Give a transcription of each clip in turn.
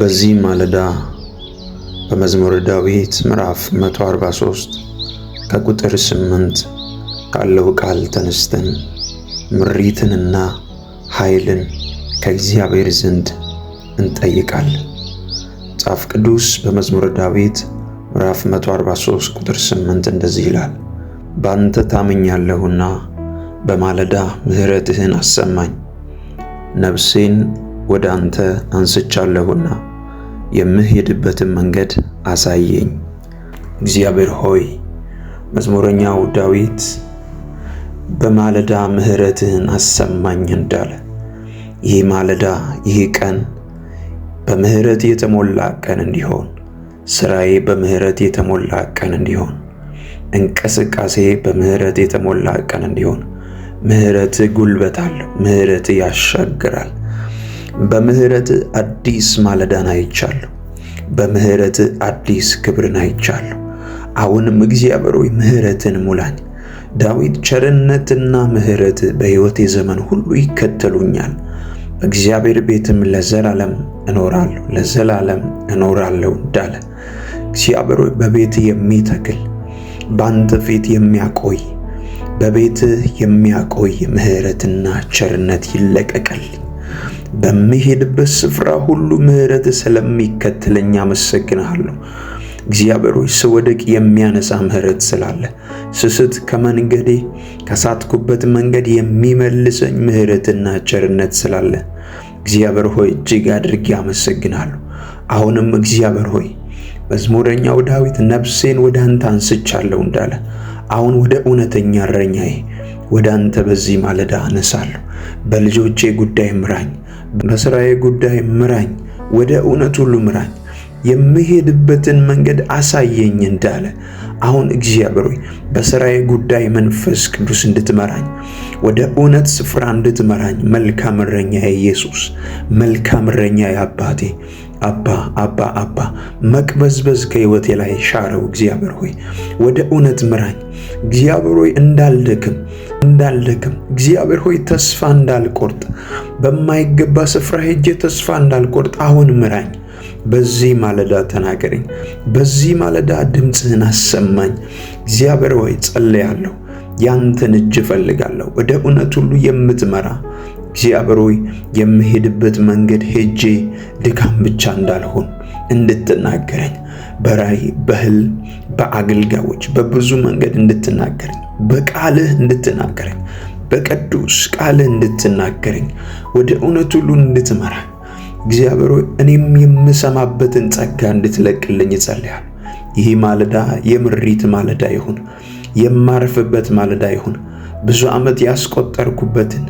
በዚህ ማለዳ በመዝሙር ዳዊት ምዕራፍ 143 ከቁጥር 8 ካለው ቃል ተነስተን ምሪትንና ኃይልን ከእግዚአብሔር ዘንድ እንጠይቃለን። መጽሐፍ ቅዱስ በመዝሙር ዳዊት ምዕራፍ 143 ቁጥር 8 እንደዚህ ይላል፣ ባንተ ታምኛለሁና በማለዳ ምሕረትህን አሰማኝ፣ ነፍሴን ወደ አንተ አንስቻለሁና የምሄድበትን መንገድ አሳየኝ እግዚአብሔር ሆይ። መዝሙረኛው ዳዊት በማለዳ ምሕረትህን አሰማኝ እንዳለ ይህ ማለዳ ይህ ቀን በምሕረት የተሞላ ቀን እንዲሆን ስራዬ በምሕረት የተሞላ ቀን እንዲሆን እንቅስቃሴ በምሕረት የተሞላ ቀን እንዲሆን ምሕረት ጉልበት አለው። ምሕረት ያሻግራል። በምህረት አዲስ ማለዳን አይቻለሁ። በምህረት አዲስ ክብርን አይቻለሁ። አሁንም እግዚአብሔር ሆይ ምህረትን ሙላኝ። ዳዊት ቸርነትና ምህረት በሕይወቴ ዘመን ሁሉ ይከተሉኛል፣ በእግዚአብሔር ቤትም ለዘላለም እኖራለሁ ለዘላለም እኖራለሁ እንዳለ እግዚአብሔር ሆይ በቤት የሚተክል በአንተ ፊት የሚያቆይ በቤት የሚያቆይ ምህረትና ቸርነት ይለቀቀልኝ። በምሄድበት ስፍራ ሁሉ ምሕረት ስለሚከተለኝ አመሰግንሃለሁ። እግዚአብሔር ሆይ ስወድቅ የሚያነሳ ምሕረት ስላለ፣ ስስት ከመንገዴ ከሳትኩበት መንገድ የሚመልሰኝ ምሕረትና ቸርነት ስላለ እግዚአብሔር ሆይ እጅግ አድርጌ አመሰግናለሁ። አሁንም እግዚአብሔር ሆይ መዝሙረኛው ዳዊት ነፍሴን ወደ አንተ አንስቻለሁ እንዳለ አሁን ወደ እውነተኛ እረኛዬ ወደ አንተ በዚህ ማለዳ አነሳለሁ። በልጆቼ ጉዳይ ምራኝ፣ በስራዊ ጉዳይ ምራኝ፣ ወደ እውነት ሁሉ ምራኝ፣ የምሄድበትን መንገድ አሳየኝ እንዳለ አሁን እግዚአብሔር ሆይ በስራዬ ጉዳይ መንፈስ ቅዱስ እንድትመራኝ ወደ እውነት ስፍራ እንድትመራኝ መልካም እረኛዬ ኢየሱስ፣ መልካም እረኛዬ አባቴ አባ አባ አባ መቅበዝበዝ ከህይወቴ ላይ ሻረው። እግዚአብሔር ሆይ ወደ እውነት ምራኝ። እግዚአብሔር ሆይ እንዳልደክም እንዳልደክም እግዚአብሔር ሆይ ተስፋ እንዳልቆርጥ በማይገባ ስፍራ ሄጄ ተስፋ እንዳልቆርጥ አሁን ምራኝ። በዚህ ማለዳ ተናገረኝ። በዚህ ማለዳ ድምፅህን አሰማኝ። እግዚአብሔር ሆይ ጸልያለሁ። ያንተን እጅ እፈልጋለሁ። ወደ እውነት ሁሉ የምትመራ እግዚአብሔር ሆይ የምሄድበት መንገድ ሄጄ ድካም ብቻ እንዳልሆን እንድትናገረኝ በራይ በህል በአገልጋዮች በብዙ መንገድ እንድትናገረኝ በቃልህ እንድትናገረኝ በቅዱስ ቃልህ እንድትናገረኝ ወደ እውነት ሁሉ እንድትመራ እግዚአብሔር ሆይ እኔም የምሰማበትን ጸጋ እንድትለቅልኝ ይጸልያል። ይህ ማለዳ የምሪት ማለዳ ይሁን፣ የማርፍበት ማለዳ ይሁን። ብዙ ዓመት ያስቆጠርኩበትን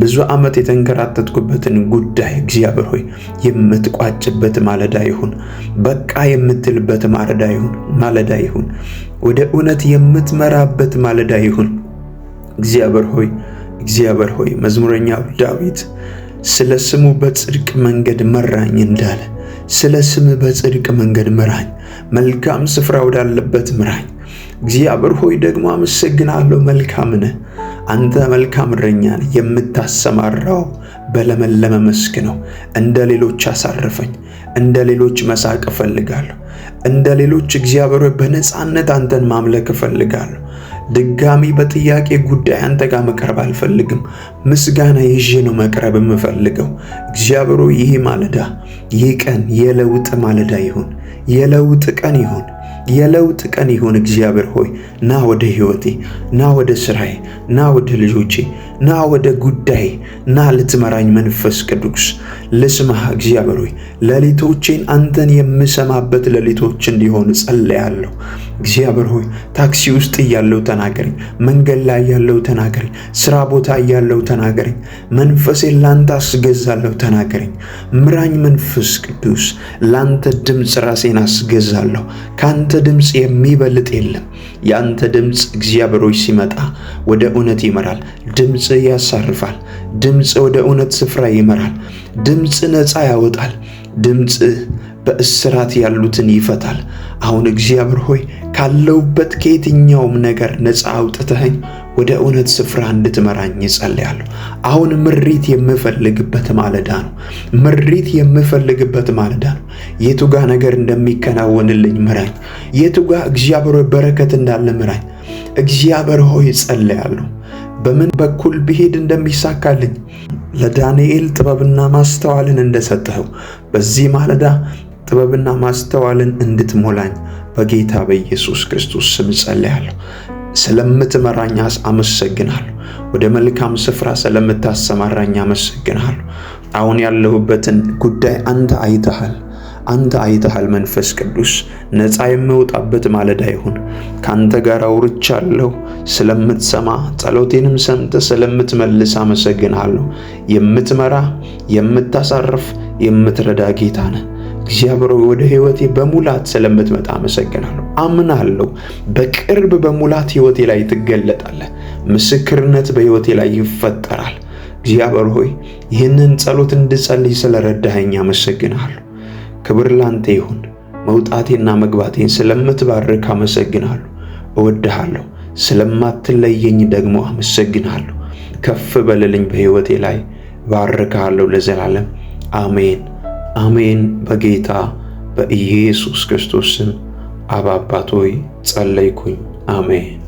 ብዙ ዓመት የተንከራተትኩበትን ጉዳይ እግዚአብሔር ሆይ የምትቋጭበት ማለዳ ይሁን። በቃ የምትልበት ማለዳ ይሁን ማለዳ ይሁን። ወደ እውነት የምትመራበት ማለዳ ይሁን። እግዚአብሔር ሆይ እግዚአብሔር ሆይ መዝሙረኛው ዳዊት ስለ ስሙ በጽድቅ መንገድ መራኝ እንዳለ ስለ ስም በጽድቅ መንገድ ምራኝ፣ መልካም ስፍራ ወዳለበት ምራኝ። እግዚአብሔር ሆይ ደግሞ አመሰግናለሁ፣ መልካም ነህ። አንተ መልካም እረኛ የምታሰማራው በለመለመ መስክ ነው። እንደ ሌሎች አሳርፈኝ፣ እንደ ሌሎች መሳቅ እፈልጋለሁ። እንደ ሌሎች እግዚአብሔር በነፃነት አንተን ማምለክ እፈልጋለሁ። ድጋሚ በጥያቄ ጉዳይ አንተ ጋር መቅረብ አልፈልግም። ምስጋና ይዤ ነው መቅረብ የምፈልገው። እግዚአብሔር ይህ ማለዳ ይህ ቀን የለውጥ ማለዳ ይሁን፣ የለውጥ ቀን ይሁን። የለውጥ ቀን ይሁን። እግዚአብሔር ሆይ ና ወደ ህይወቴ ና ወደ ስራዬ፣ ና ወደ ልጆቼ፣ ና ወደ ጉዳይ፣ ና ልትመራኝ መንፈስ ቅዱስ ልስማህ። እግዚአብሔር ሆይ ሌሊቶቼን አንተን የምሰማበት ሌሊቶች እንዲሆን ጸልያለሁ። እግዚአብሔር ሆይ ታክሲ ውስጥ እያለው ተናገረኝ፣ መንገድ ላይ ያለው ተናገረኝ፣ ስራ ቦታ እያለው ተናገረኝ። መንፈሴን ላንተ አስገዛለሁ ተናገረኝ። ምራኝ መንፈስ ቅዱስ ላንተ ድምፅ ራሴን አስገዛለሁ ካንተ ድምፅ የሚበልጥ የለም። ያንተ ድምፅ እግዚአብሔሮች ሲመጣ ወደ እውነት ይመራል። ድምፅ ያሳርፋል። ድምፅ ወደ እውነት ስፍራ ይመራል። ድምፅ ነፃ ያወጣል። ድምፅ በእስራት ያሉትን ይፈታል። አሁን እግዚአብሔር ሆይ ካለውበት ከየትኛውም ነገር ነፃ አውጥተኸኝ ወደ እውነት ስፍራ እንድትመራኝ ይጸልያሉ። አሁን ምሪት የምፈልግበት ማለዳ ነው። ምሪት የምፈልግበት ማለዳ ነው። የቱጋ ነገር እንደሚከናወንልኝ ምራኝ። የቱጋ እግዚአብሔር በረከት እንዳለ ምራኝ። እግዚአብሔር ሆይ ይጸልያሉ። በምን በኩል ብሄድ እንደሚሳካልኝ ለዳንኤል ጥበብና ማስተዋልን እንደሰጠኸው በዚህ ማለዳ ጥበብና ማስተዋልን እንድትሞላኝ በጌታ በኢየሱስ ክርስቶስ ስም ጸልያለሁ። ስለምትመራኝ አመሰግናለሁ። ወደ መልካም ስፍራ ስለምታሰማራኝ አመሰግናለሁ። አሁን ያለሁበትን ጉዳይ አንተ አይተሃል። አንተ አይተሃል። መንፈስ ቅዱስ ነፃ የምወጣበት ማለዳ ይሁን። ካንተ ጋር አውርቻለሁ። ስለምትሰማ ጸሎቴንም ሰምተ ስለምትመልስ አመሰግናለሁ። የምትመራ የምታሳርፍ፣ የምትረዳ ጌታ ነህ። እግዚአብሔር ወደ ሕይወቴ በሙላት ስለምትመጣ አመሰግናለሁ። አምናለሁ። በቅርብ በሙላት ሕይወቴ ላይ ትገለጣለህ። ምስክርነት በሕይወቴ ላይ ይፈጠራል። እግዚአብሔር ሆይ ይህንን ጸሎት እንድጸልይ ስለረዳኸኝ አመሰግናለሁ። ክብር ላንተ ይሁን። መውጣቴና መግባቴን ስለምትባርክ አመሰግናለሁ። እወድሃለሁ። ስለማትለየኝ ደግሞ አመሰግናለሁ። ከፍ በልልኝ በሕይወቴ ላይ ባርካለሁ ለዘላለም አሜን አሜን። በጌታ በኢየሱስ ክርስቶስ ስም አባ አባት ሆይ ጸለይኩኝ፣ አሜን።